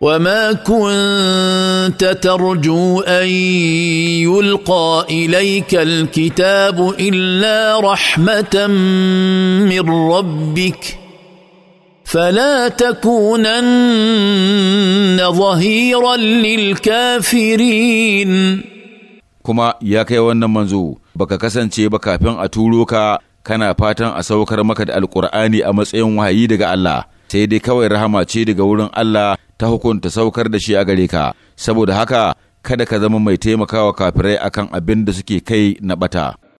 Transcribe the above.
وما كنت ترجو ان يلقى اليك الكتاب الا رحمه من ربك فلا تكونن ظهيرا للكافرين kuma ya kai wannan manzo baka kasance ba kafin a turo ka kana fatan a saukar maka da alkur'ani a matsayin wahayi daga Allah sai dai kawai rahama ce daga wurin Allah ta hukunta saukar da shi a gare ka saboda haka kada ka zama mai taimakawa kafirai akan abin da suke kai na bata